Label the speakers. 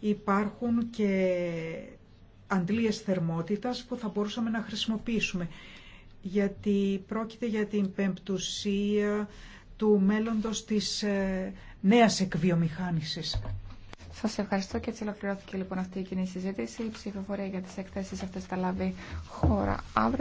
Speaker 1: υπάρχουν και αντλίες θερμότητας που θα μπορούσαμε να χρησιμοποιήσουμε γιατί πρόκειται για την πεμπτουσία του μέλλοντος της ε, νέας εκβιομηχάνησης. Σας
Speaker 2: ευχαριστώ και έτσι ολοκληρώθηκε λοιπόν αυτή η κοινή συζήτηση. Η ψηφοφορία για τις εκθέσεις αυτές θα λάβει
Speaker 3: χώρα αύριο.